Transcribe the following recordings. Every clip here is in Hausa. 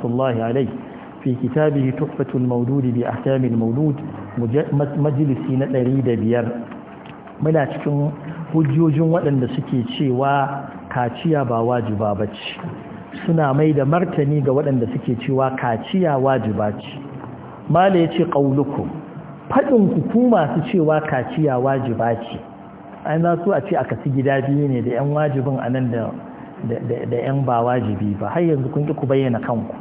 الله عليه maududi كتابه تحفة المولود بأحكام المولود ɗari da biyar. muna cikin hujjojin waɗanda suke cewa kaciya ba wajiba ba ce suna mai da martani ga waɗanda suke cewa kaciya wajiba ce mala yace ce ƙauluku faɗin kuku masu cewa kaciya wajiba ce an za su a ce a kasi gida biyu ne da 'yan wajibin a nan da 'yan ba wajibi ba har yanzu kun ƙi ku bayyana kanku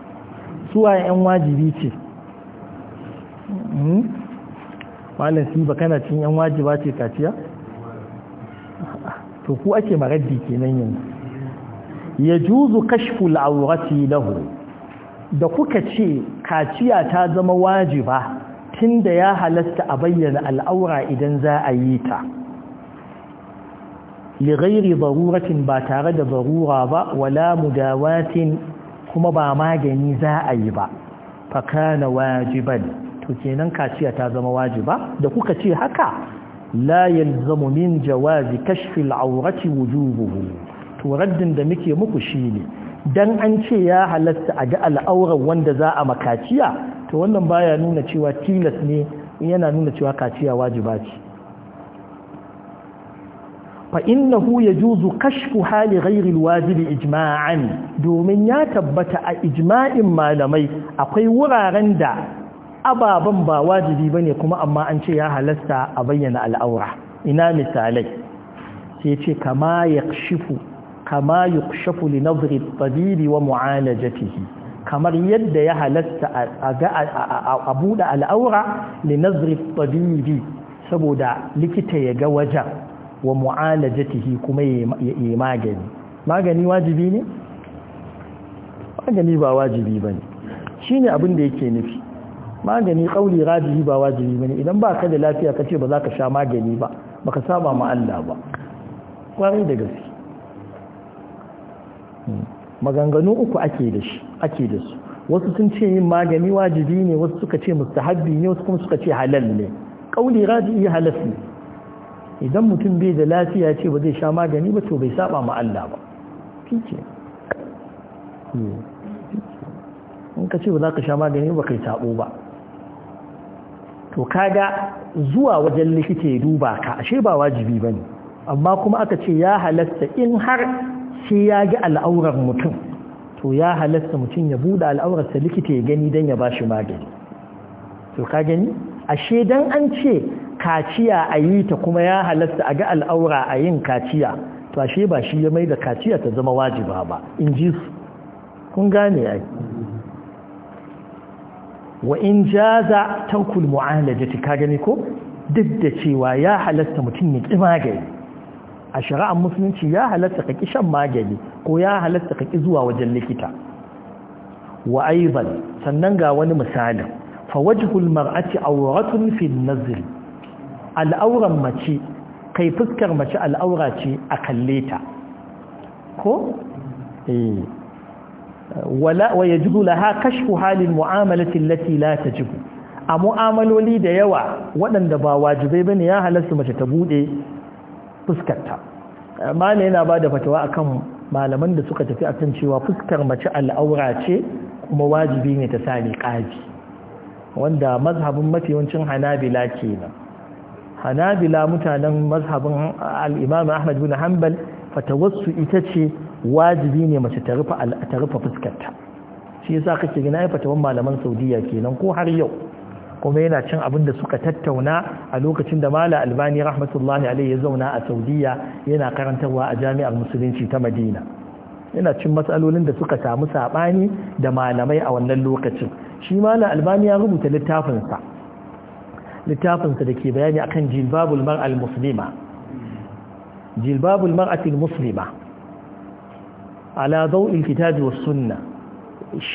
suwa yan wajibi ce hmm? malam su ba kana cin yan wajiba ce kaciya to ku ake maraddi kenan yanzu ya juzu kashfu aurati lahu da kuka ce kaciya ta zama wajiba tunda ya halasta a bayyana al'aura idan za a yi ta li ghairi daruratin ba tare da barura ba wala mudawatin kuma ba magani za a yi ba fakana wajiban to kenan kaciya ta zama wajiba da kuka ce haka la yalzamu min jawazi kashfi al-awrati wujubuhu to raddin da muke muku shine dan an ce ya halatta a ga al'auran wanda za a makaciya to wannan baya nuna cewa tilas ne yana nuna cewa kaciya wajiba ce فإنه يجوز كشف حال غير الواجب إجماعا دومن يتبت إجماع ما لمي أقوي ورارن دا أبابا با واجبي بني كما أما أنشي ياها لسا أبين الأورة إنا مثالي سيتي كما يكشف كما يكشف لنظر الطبيب ومعالجته kamar yadda ya halatta a buɗe al'aura li nazari tabibi saboda likita ya ga wajen wa mu'alajatihi kuma yi magani magani wajibi ne? magani ba wajibi ba ne shi ne abin da yake nufi magani ƙauli rajihi ba wajibi bane idan ba ka da lafiya ka ce ba za ka sha magani ba ba ka saba ma Allah ba kwari da gaske hmm. maganganu uku ake da shi ake da su wasu sun ce yin magani wajibi ne wasu suka ce mustahabbi ne wasu kuma suka ce halal ne ƙauli rajihi halas ne idan mutum bai da lafiya ce ba zai sha magani ba to bai saba ma Allah ba kike in ka ce ba za ka sha magani ba kai tabo ba to kaga zuwa wajen likita ya duba ka ashe ba wajibi ba ne amma kuma aka ce ya halatta in har shi ya ga al'aurar mutum to ya halatta mutum ya buɗe al'aurarsa likita ya gani don ya ba shi magani to ka gani ashe dan an ce kaciya a yi ta kuma ya halatta a ga al'aura a yin kaciya to ashe ba shi ya mai da kaciya ta zama wajiba ba in ji su kun gane yi wa in jaza tankul mu'alajati ka gani ko duk da cewa ya halatta mutum ya ƙi magani a shari'ar musulunci ya halatta ka ƙi shan magani ko ya halatta ka ƙi zuwa wajen likita wa aibal sannan ga wani misalin fa wajhul mar'ati awratun fi nazri al'auran mace kai fuskar mace al'aura ce a kalle ta ko? Eh. wa ya jibu laha kashfu halin mu'amalatin lati la ta jigu. a mu'amaloli da yawa waɗanda ba wajibai bane ya halarsu mace ta buɗe fuskarta mana yana ba da fatawa akan malaman da suka tafi akan cewa fuskar mace al'aura ce kuma wajibi ne ta sami kaji. wanda mazhabin mafi hanabila kenan hanabila mutanen mazhabin al'imam ahmad bin hanbal fatawarsu ita ce wajibi ne mace ta rufe fuskarta shi yasa kake gina ya fatawan malaman saudiya kenan ko har yau kuma yana cin abin da suka tattauna a lokacin da mala albani rahmatullahi alai ya zauna a saudiya yana karantarwa a jami'ar musulunci ta madina yana cin matsalolin da suka samu saɓani da malamai a wannan lokacin shi mala albani ya rubuta littafinsa littafinsa da ke bayani akan jilbabul mar'al muslima jilbabul mar'atil muslima ala dawil kitabi was sunna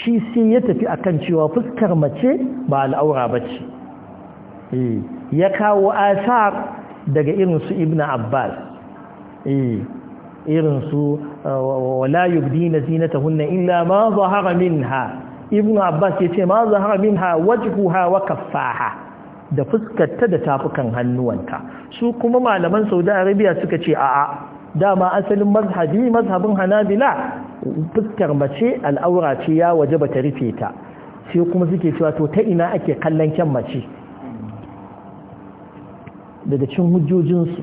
shi sai ya tafi akan cewa fuskar mace ba al'aura bace eh ya kawo asar daga irin su ibnu abbas eh irin su wala yubdina zinatahunna illa ma zahara minha ibnu abbas yace ma zahara minha wajhuha wa kaffaha da fuskarta da tafukan hannuwanta su kuma malaman saudi arabia suka ce a'a dama asalin mazhabi mazhabin hanabila fuskar mace al'aura ce ya waje ba ta rufe ta sai kuma suke cewa to ta ina ake kallon kyan mace daga cin hujjojinsu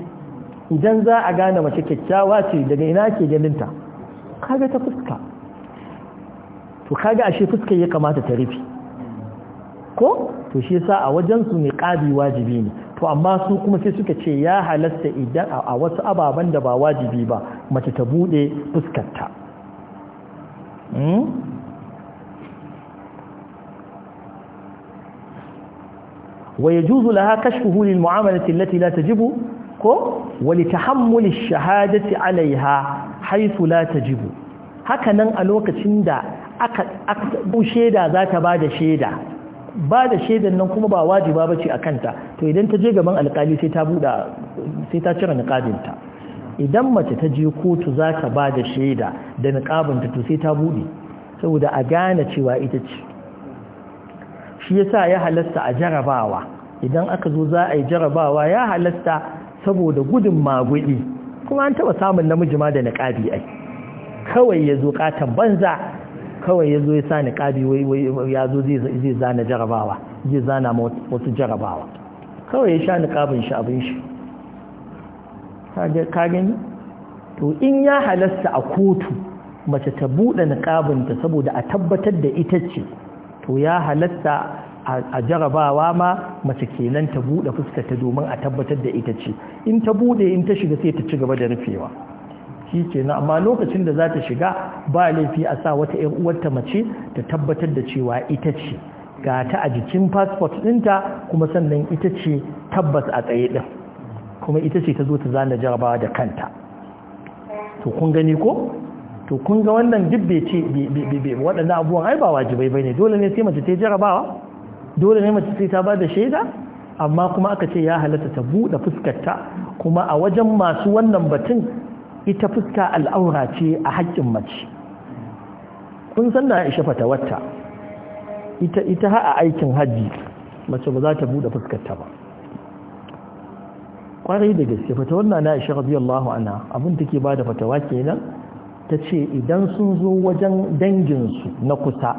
idan za a gane mace kyakkyawa ce daga ina ake ganinta kaga ta fuska to kaga ashe fuskar ya kamata ta rufe ko to shi yasa a wajen su ne qadi wajibi ne to amma su kuma sai suka ce ya halatta idan a wasu ababan da ba wajibi ba mace ta bude fuskarta ta hmm wa yajuzu laha kashfuhu lil muamalat allati ko wani li tahammul ash-shahadati alaiha haythu la tajibu haka nan a lokacin da aka bushe za ta ba da shaida. ba da shaidan nan kuma ba wajiba bace a kanta to idan ta je gaban alƙali sai ta buɗa sai ta cire niqabinta idan mace ta je kotu za ta ba da shaida da niqabinta to sai ta buɗe saboda a gane cewa ita ce shi yasa ya halasta a jarabawa idan aka zo za a yi jarabawa ya halasta saboda gudun magudi. kuma an taɓa samun namiji ma da niqabi ai kawai ya zo katan banza kawai ya zo ya sa ƙabi ya zo zai zana jarabawa zai zana wasu jarabawa kawai ya sha niƙabin shi abin shi ka to in ya halasta a kotu mace ta buɗe niƙabinta saboda a tabbatar da ita ce to ya halasta a jarabawa ma mace kenan ta buɗe fuskata domin a tabbatar da ita ce in ta buɗe in ta shiga sai ta ci gaba da rufewa shi ke na amma lokacin da za ta shiga ba laifi a sa wata 'yan uwarta mace ta tabbatar da cewa ita ce ga ta a jikin fasfot ɗinta kuma sannan ita ce tabbas a tsaye ɗin kuma ita ce ta zo ta zana jarabawa da kanta to kun gani ko to kun ga wannan duk bai ce waɗannan abubuwan ai ba wajibai bai ne dole ne sai mace ta jarabawa dole ne mace sai ta ba da shaida amma kuma aka ce ya halatta ta buɗe fuskarta kuma a wajen masu wannan batun ita fuska al'aura ce a haƙƙin mace kun san na aisha fata wata ita ita ha a aikin hajji mace ba za ta buɗe fuskarta ba kwarai da gaske fata wannan na aisha radiyallahu anha abin take ba da fatawa kenan tace idan sun zo wajen dangin su na kusa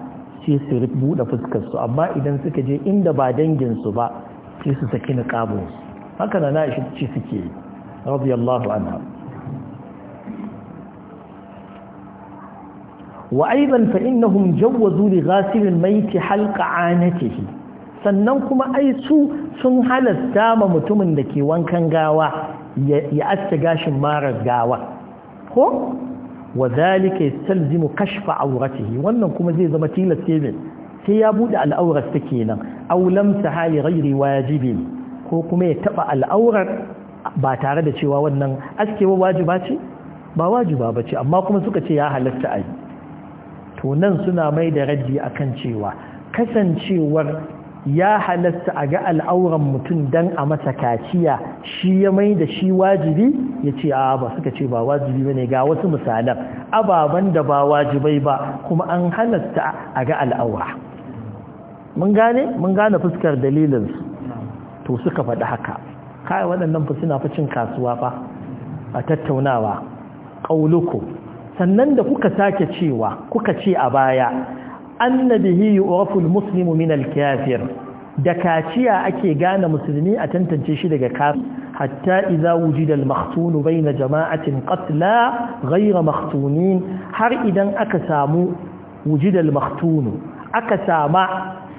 sai su buɗe fuskarsu amma idan suka je inda ba dangin su ba sai su saki niqabinsu haka na na ce suke radiyallahu anha وأيضا فإنهم جوزوا لغاسل الميت حلق عانته sannan kuma ai su sun halasta ma mutumin da ke wankan gawa ya aske gashin marar gawa ko wa zalika yastalzimu kashfa awratihi wannan kuma zai zama tilasta ne sai ya bude al'aurar ta kenan aw lamsa hali ghairi wajibi ko kuma ya taba al'aurar ba tare da cewa wannan askewa wajiba ce ba wajiba ce amma kuma suka ce ya halatta ai to nan suna mai da raji akan cewa kasancewar ya halatta a ga al'auran mutum dan a masa kaciya shi ya mai da shi wajibi ya ce a ba suka ce ba wajibi ba ne ga wasu misalan ababen da ba wajibai ba kuma an halatta a ga al'aura mun gane mun gane fuskar dalilinsu to suka faɗi haka kai waɗannan fa suna cin kasuwa fa a tattaunawa ƙauluku sannan da kuka sake cewa kuka ce a baya annabihi yu'rafu almuslimu min alkafir da kaciya ake gane musulmi a tantance shi daga kafir hatta idza wujida almahtun bayna jama'atin qatla ghayra mahtunin har idan aka samu wujida almahtun aka sama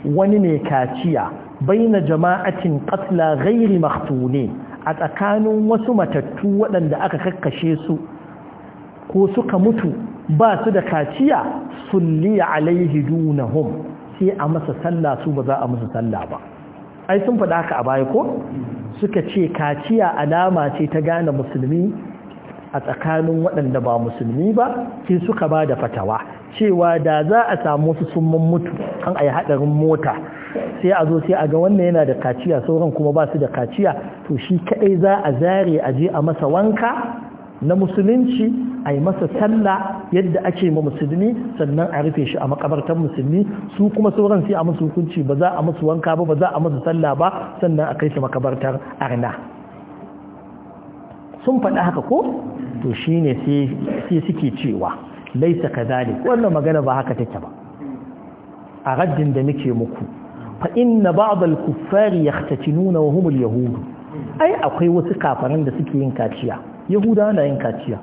wani ne kaciya bayna jama'atin qatla ghayri mahtunin a tsakanin wasu matattu waɗanda aka kakkashe su ko suka mutu ba su da kaciya sulliya alaihi dunahum sai a masa sallah su ba za a musu sallah ba ai sun faɗa haka a baya ko suka ce kaciya alama ce ta gane musulmi a tsakanin waɗanda ba musulmi ba sai suka ba da fatawa cewa da za a samu su sun mutu an a yi haɗarin mota sai a zo sai a ga wannan yana da kaciya sauran kuma ba su da kaciya to shi kaɗai za a zare a je a masa wanka na musulunci a yi masa sallah yadda ake ma musulmi sannan a rufe shi a makabartar musulmi su kuma sauran sai a masu hukunci ba za a musu wanka ba ba za a masu sallah ba sannan a kai shi makabartar arna sun faɗi haka ko to shi ne sai suke cewa laisa zane wannan magana ba haka take ba a raddin da nake muku fa Babal ba'd al-kuffari yahtatinuna wa hum al ai akwai wasu kafaran da suke yin kaciya yahudawa na yin kaciya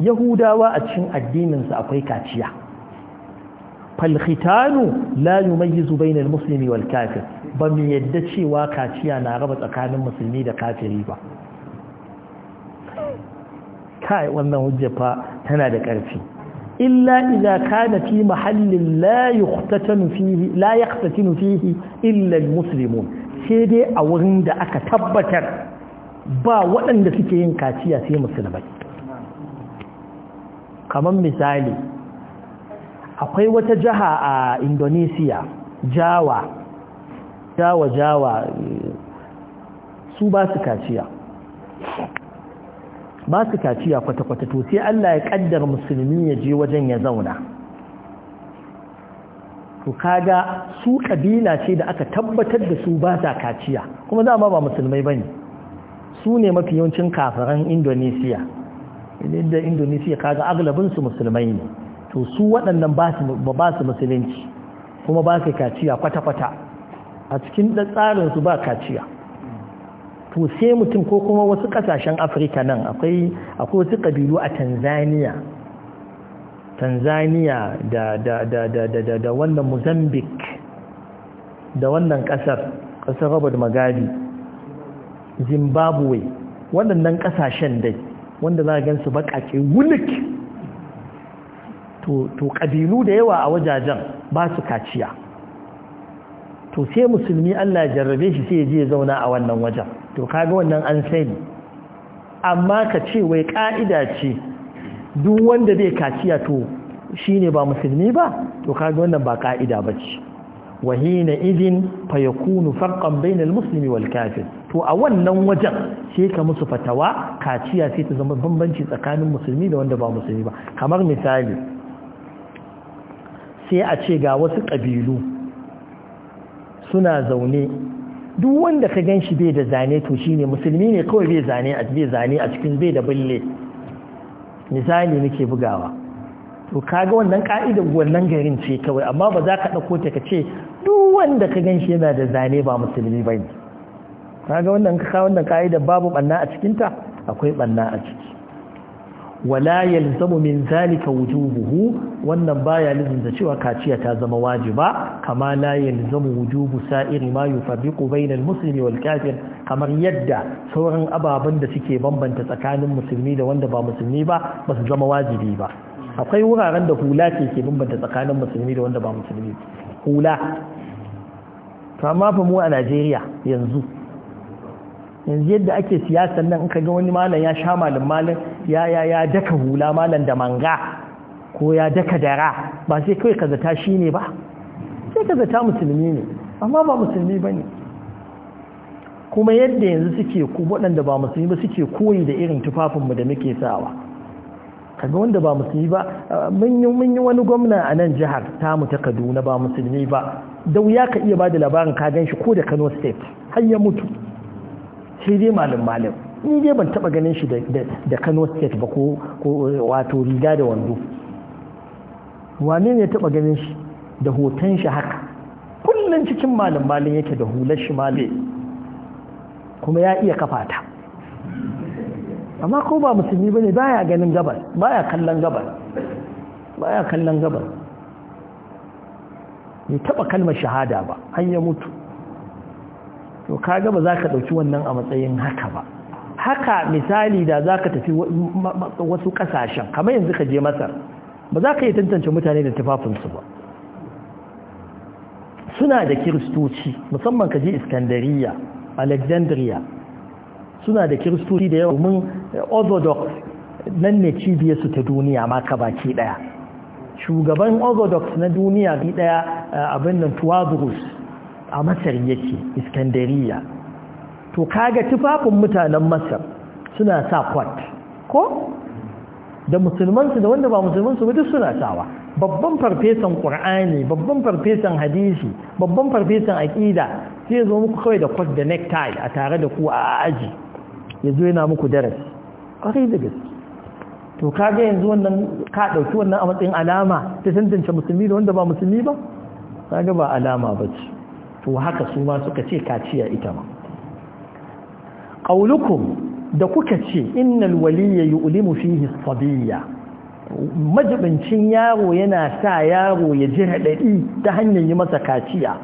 yahudawa a cikin addininsu akwai kaciya falkhitanu la yumayyizu bainal muslimi wal kafir ba mu yadda cewa kaciya na raba tsakanin musulmi da kafiri ba kai wannan hujjafa tana da ƙarfi illa idza kana fi mahallin la yuqtatanu fihi illa sai dai a wurin da aka tabbatar ba waɗanda suke yin kaciya sai musulmai kamar misali akwai wata jiha a indonesiya jawa jawa jawa su ba su kaciya ba su kaciya kwata-kwata to sai allah ya kaddar musulmi ya je wajen ya zauna to kaga su kabila ce da aka tabbatar da su ba sa kaciya kuma dama ba musulmai bane su ne mafi yawancin kafaran indonesiya da indonesiya kaga agalabinsu musulmai ne to su waɗannan ba su musulunci kuma ba su kaciya kwata-kwata a cikin su ba kaciya to sai mutum ko kuma wasu kasashen afirka nan akwai wasu ƙabilu a tanzania tanzania da, wannan mozambique da wannan ƙasar ƙasar robert magadi zimbabwe waɗannan ƙasashen dai wanda za a gansu baƙaƙe wulik to ƙabilu da yawa a wajajen ba su kaciya to sai musulmi allah jarrabe shi sai ya je zauna a wannan wajen to kaga wannan an sani amma ka ce wai ƙa'ida ce duk wanda zai kaciya to shi ne ba musulmi ba to kaga wannan ba ƙa'ida ba ce wahina izin fa farkon farqan bainal muslimi wal kafir to a wannan wajen sai ka musu fatawa kaciya sai ta zama bambanci tsakanin musulmi da wanda ba musulmi ba kamar misali sai a ce ga wasu ƙabilu suna zaune duk wanda ka gan shi bai da zane to shine musulmi ne kawai bai zane a bai zane a cikin bai da bulle misali nake bugawa to kaga wannan ka'idar wannan garin ce kawai amma ba za ka ɗauko ta ka ce duk wanda ka gan shi yana da zane ba musulmi ba kaga wannan ka kawo wannan ka'ida babu banna a cikin ta akwai banna a ciki wala yalzamu min zalika wujubuhu wannan baya lazimta cewa kaciya ta zama wajiba kama la yalzamu wujubu sa'iri ma yufarriqu bayna al wal kafir kamar yadda sauran ababen da suke bambanta tsakanin musulmi da wanda ba musulmi ba ba su zama wajibi ba akwai wuraren da hula keke ke bambanta tsakanin musulmi da wanda ba musulmi hula kama fa mu a Najeriya yanzu yanzu yadda ake siyasar nan in ka ga wani malam ya sha malam malam ya ya ya daka hula malam da manga ko ya daka dara ba sai kawai ka zata shi ne ba sai ka zata musulmi ne amma ba musulmi ba ne kuma yadda yanzu suke ku waɗanda ba musulmi ba suke koyi da irin tufafinmu da muke sawa kaga wanda ba musulmi ba ah, mun yi wani gwamna a nan jihar tamu ta kaduna ba musulmi ba da wuya ka iya ba da labarin ka gan shi ko da kano state har ya mutu sai dai malam malam ni dai ban taba ganin shi da kano state ba ko wato riga da wando wane ne taba ganin shi da hoton shi haka kullum cikin malam malam yake da hular shi male kuma ya iya kafa ta amma ko ba musulmi bane baya ganin gabar baya kallon gabar baya kallon gabar bai taba kalmar shahada ba har ya mutu to kaga ba za ka ɗauki wannan a matsayin haka ba haka misali da za ka tafi wasu ƙasashen kamar yanzu ka je masar ba za ka yi tantance mutane da tufafinsu ba suna da kiristoci musamman ka je iskandariya alexandria suna da kiristoci da yawa mun eh, orthodox nan ne cibiyarsu ta duniya ma ka baki ɗaya shugaban orthodox na duniya bi ɗaya eh, abin nan tuwabrus a masar yake iskandariya to kaga tufafin mutanen masar suna sa kwat ko da musulmansu da wanda ba musulmansu ba duk suna sawa babban farfesan qur'ani babban farfesan hadisi babban farfesan aƙida sai zo muku kawai da kwat da necktie a tare da ku a aji ya zo yana muku darasi ƙwarai da gaske to kaga yanzu wannan ka dauki wannan a matsayin alama ta tantance musulmi da wanda ba musulmi ba kaga ba alama ba ce to haka su ma suka ce kaciya ita ma qaulukum da kuka ce innal waliyya yu'limu fihi as-sabiyya majibincin yaro yana sa yaro ya ji hadadi ta hanyar yi masa kaciya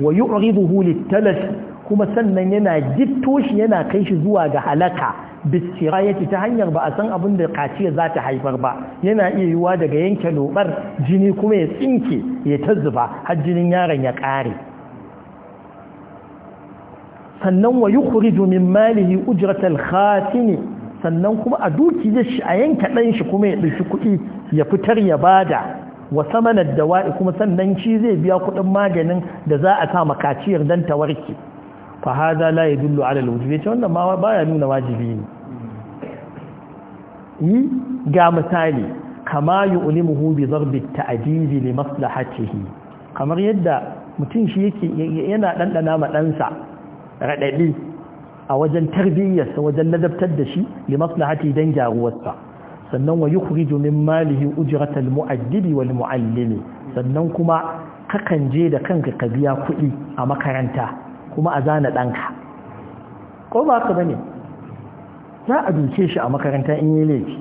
wa yu'riduhu lit talas kuma sannan yana gitto shi yana kai shi zuwa ga halaka bisirayati ta hanyar ba a san abin da kaciya za ta haifar ba yana iya yiwuwa daga yanke lobar jini kuma ya tsinke ya ta zuba har jinin yaron ya kare sannan wa domin min malihi ujiratar ne. sannan kuma a dukiyar shi a yanka ɗan shi kuma ya ɗauki kuɗi ya fitar ya bada wa samanar wai kuma sannan shi zai biya kuɗin maganin da za a sa makaciyar don ta warke fa hada la ala alwujubi ce wannan ma baya nuna wajibi ne yi ga misali kama yu'limuhu bi darbi ta'jizi li kamar yadda mutum shi yake yana ɗanɗana ma ɗansa raɗaɗi a wajen tarbiyyarsa wajen ladabtar da shi li maslahati dan gyaruwarsa sannan wa yukhriju min malihi ujratal mu'addibi wal mu'allimi sannan kuma kakan je da kanka ka biya kuɗi a makaranta kuma a zana ɗanka ko ba ka bane za a duke shi a makaranta in yi laifi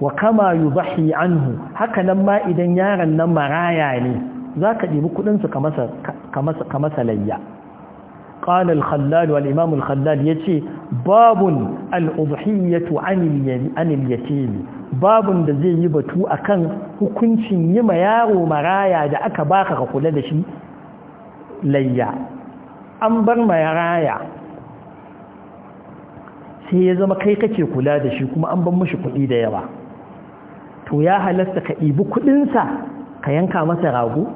wa kama yubahi anhu haka nan ma idan yaron nan maraya ne za ka ɗibi kuɗinsu ka masa layya قال الخلال والإمام الخلال يتي باب الأضحية عن اليتيم babun da zai yi batu akan hukuncin yi ma yaro maraya da aka baka ka kula da shi layya an bar sai ya zama kai kake kula da shi kuma an ban mashi kuɗi da yawa to ya halasta ka ibi kuɗinsa ka yanka masa rago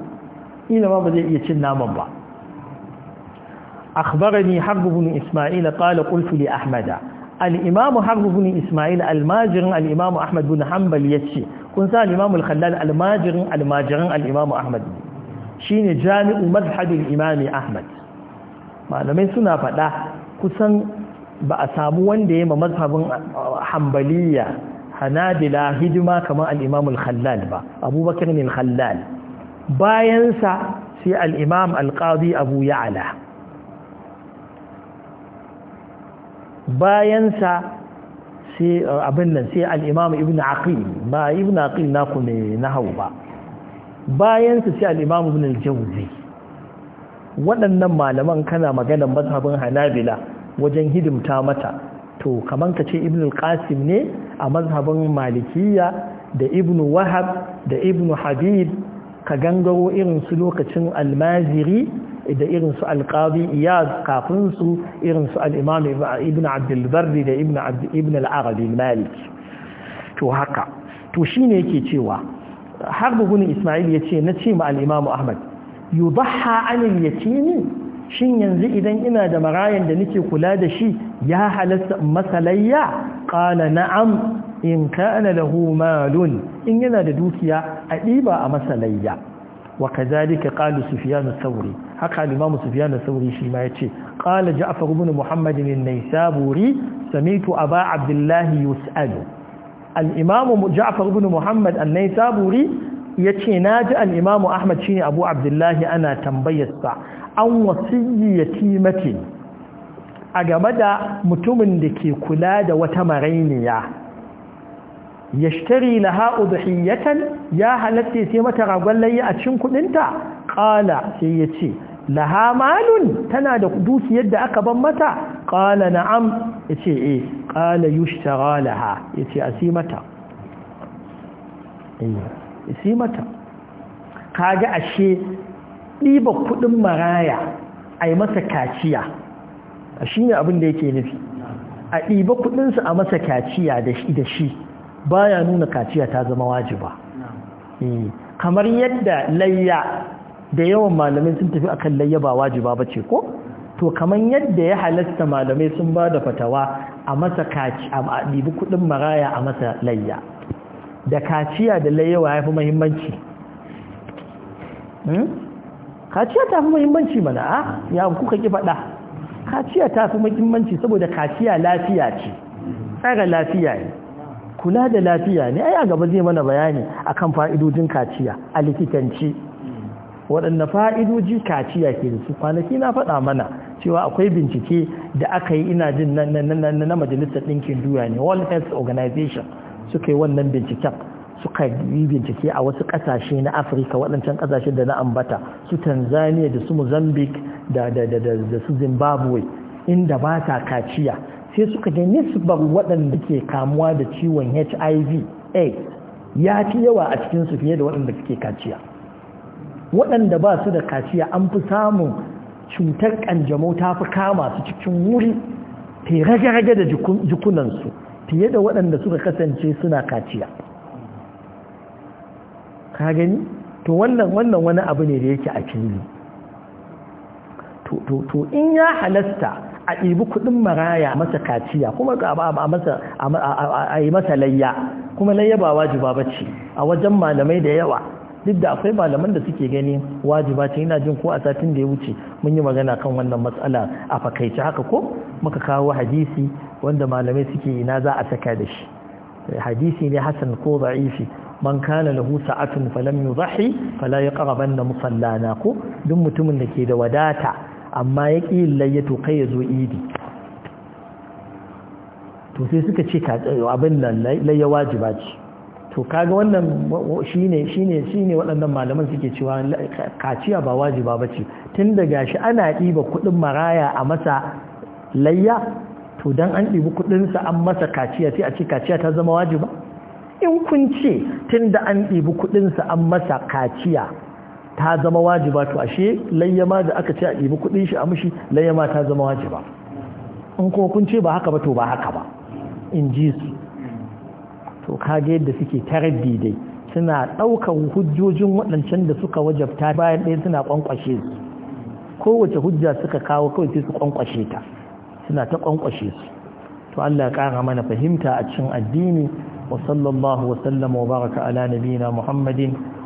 ina ma ba zai iya cin naman ba أخبرني حرب بن إسماعيل قال قلت لأحمد الإمام حرب بن إسماعيل الماجر الإمام أحمد بن حنبل يتشي كنت الإمام الخلال الماجر الماجر الإمام أحمد شين جامع مذهب الإمام أحمد ما لم يسنا فدا كسن بأسامو وندي مذهب حنبلية hanabila hidima kamar al'imam al-khallal ba abubakar ne al-khallal bayansa sai al'imam al-qadi abu ya'ala bayansa sai uh, abin nan sai al'imam ibn aqil ba ibn aqil naku ne na hau ba bayansa sai al'imam ibn al waɗannan malaman kana maganar mazhabin hanabila wajen hidimta mata to kaman ka ce ibn al ne a mazhabin malikiya da ibn wahab da ibn habib ka gangaro irin su lokacin almaziri da irin su alqadi iyaz kafin su irin su ibn abdul da ibn al’arabi malik to haka to shi ne yake cewa har bugun isma'il ya ce na ce ma al ba ahmad yudahha ya ce ni? shin yanzu idan ina da marayan da nake kula da shi ya halasta masalayya Ƙana na'am in kana lahu malun in yana da dukiya a ɗiba a masalayya وكذلك قال سفيان الثوري حكى الإمام سفيان الثوري فيما يتشي قال جعفر بن محمد النيسابوري سمعت أبا عبد الله يسأل الإمام جعفر بن محمد النيسابوري يتشي ناجع الإمام أحمد شيني أبو عبد الله أنا تنبي السع عن وصي يتيمة أجمد متمن لكي كلاد وتمرينيه yashtari laha udhiyatan ya halatta sai mata ragon layi a cikin kudinta qala sai yace laha malun tana da dukiyar yadda aka ban mata qala na'am yace eh qala yushtara laha yace asimata eh mata kaga ashe diba kudin maraya ai masa kaciya A shine abin da yake nufi a diba kudin su a masa kaciya da shi baya nuna kaciya ta zama wajiba eh, kamar yadda layya da yawan malamai sun tafi akan layya ba wajiba ba ce ko to kamar yadda ya halatta malamai sun ba da fatawa a masa kaci a ɗibi kuɗin maraya a masa layya da kaciya da layyawa ya fi mahimmanci hmm? kaciya ta fi mahimmanci mana a ah, ya kuka ki faɗa kaciya ta fi mahimmanci saboda kaciya lafiya ce tsara lafiya ne kula da lafiya ne ai a gaba zai mana bayani akan fa'idojin kaciya a likitanci waɗanne fa'idoji kaciya ke da su kwanaki na faɗa mana cewa akwai bincike da aka yi ina jin na majalisar ɗinkin duniya ne world health organization suka yi wannan binciken suka yi bincike a wasu ƙasashe na afirka waɗancan ƙasashe da na ambata su tanzania da su mozambique da su zimbabwe inda ba ta kaciya sai suka ga nisbar waɗanda ke kamuwa da ciwon hiv a ya fi yawa a cikinsu fiye da waɗanda suke kaciya waɗanda ba su da kaciya an fi samun cutar ƙanjamau ta fi kama su cikin wuri ta yi rage-rage da jikunansu fiye da waɗanda suka kasance suna kaciya ka gani to wannan wannan wani abu ne da yake a fili to in ya halasta a ɗibi kuɗin maraya masa kaciya kuma a yi masa layya kuma layya ba wajiba ba ce a wajen malamai da yawa duk da akwai malaman da suke gani wajiba ce yana jin ko a satin da ya wuce mun yi magana kan wannan matsala a fakaice haka ko muka kawo hadisi wanda malamai suke ina za a saka da shi hadisi ne hasan ko za'ifi man kana lahu sa'atun falam yudhi fala yaqrabanna musallana ko duk mutumin da ke da wadata amma ya ƙi yin layya to kai ya zo idi to sai suka ce abin nan layya wajiba ce to kaga wannan shine shine shine waɗannan malaman suke cewa kaciya ba wajiba ba ce tun da gashi ana ɗiba kuɗin maraya a masa layya to dan an ɗibi kuɗinsa an masa kaciya sai a ce kaciya ta zama wajiba in kun ce tun da an ɗibi kuɗinsa an masa kaciya ta zama wajiba to ashe layyama da aka ce a ɗibi kuɗin shi a mushi layyama ta zama wajiba in kuma kun ce ba haka ba to ba haka ba in ji su to kage yadda suke taraddi dai suna ɗaukar hujjojin waɗancan da suka wajabta bayan ɗaya suna ƙwanƙwashe su kowace hujja suka kawo kawai sai su kwankwashe ta suna ta kwankwashe su to Allah ya ƙara mana fahimta a cikin addini wa sallallahu wa sallama wa baraka ala nabiyina Muhammadin